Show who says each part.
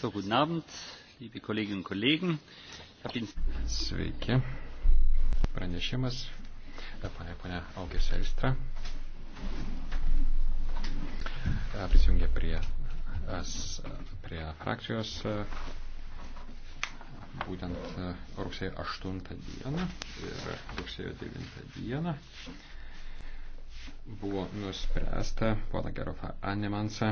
Speaker 1: So, guten Abend, liebe Kolleginnen und Kollegen. Sveiki. Pranešimas. Pane, pane Augė Selstra.
Speaker 2: E, prisijungė prie, prie frakcijos e, būtent e, rugsėjo 8 dieną ir rugsėjo 9 dieną buvo nuspręsta poną Gerofą Animansą